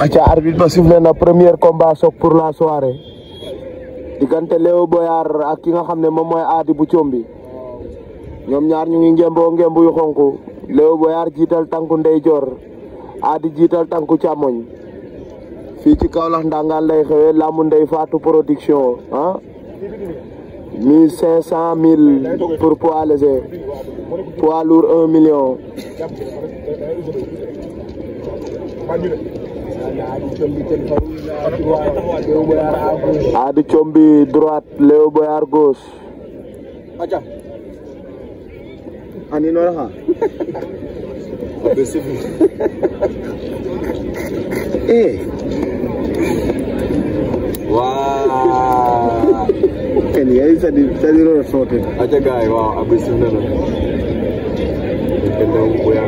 aca arbit ba sifle na premier combat sok pour la soirée Digante Leo Boyar ak ki nga xamne mom moy Adi bu combi ñaar ñu ngi ngembo ngembu yu xonku. Leo Boyar tanku tangku jor. adi jital tanku càmmoñ Fi ci Kaolack ndangaan lay xewé làmb ndey Fatou production ah 1.500.000 pour poids léger poids lourd 1 million Adi Chombi droite, Leo Boy Argos Aja. Ani Nora ha. Eh. Wow Ini ya bisa di bisa di Nora ya. Aja guys, wow, abis itu Nora. Kendang Boyard.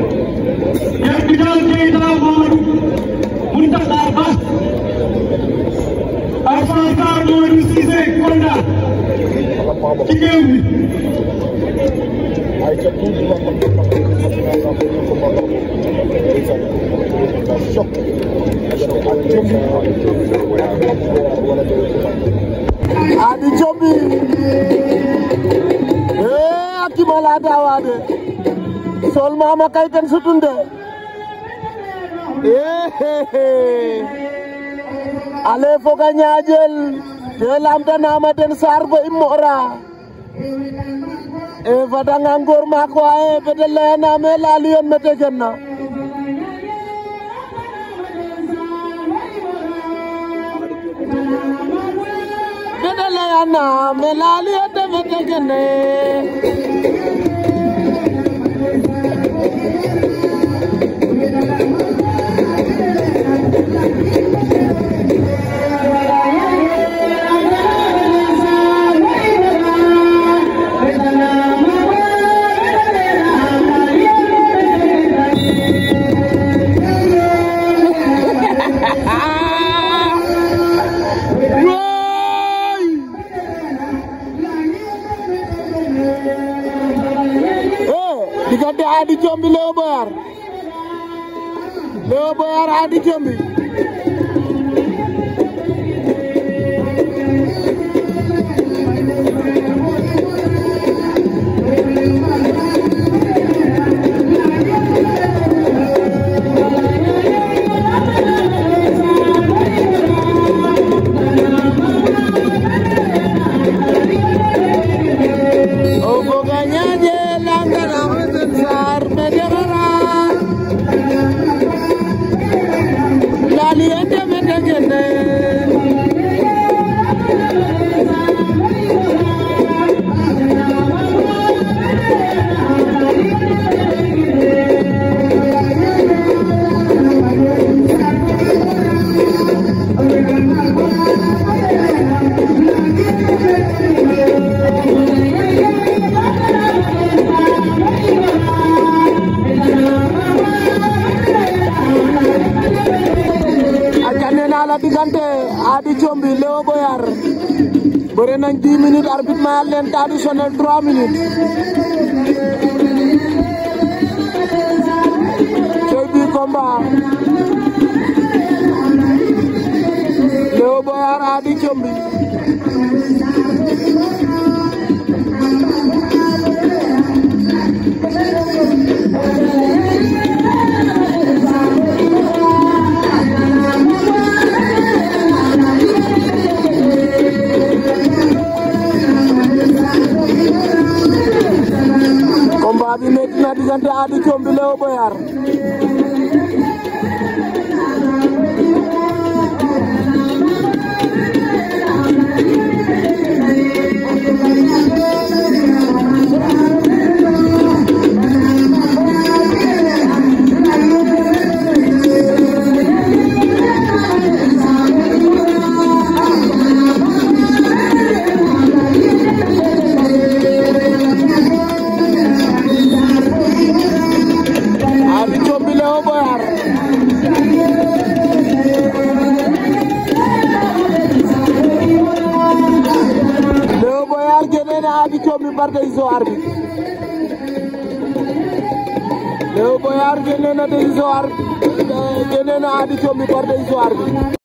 yang di dalam cerita Muhammad Muntaga Abbas Abbas Kardoni Sise Konda ci réew mi Adi Jombi, eh, aki malada wade. sol mama kayten sutunde ale foga ñaajel te lamtanama den sar bo i moora e fadanga ngor maak waye fede leyaname laaliyon mete genna fede leyaname laaliyon te fete genne andi combi Léo Boyar Léo Boyar andi combi la diggante Ady Thiomby Léo Boyar leen traditionnel 3 minutes. cey bi combat Léo Boyar Ady Thiomby. diggante Ady Thiomby Léo Boyar adi comi mbarde iso arbitre Léo Boyar génne na de iso arbitre génne na adi comi mbarde iso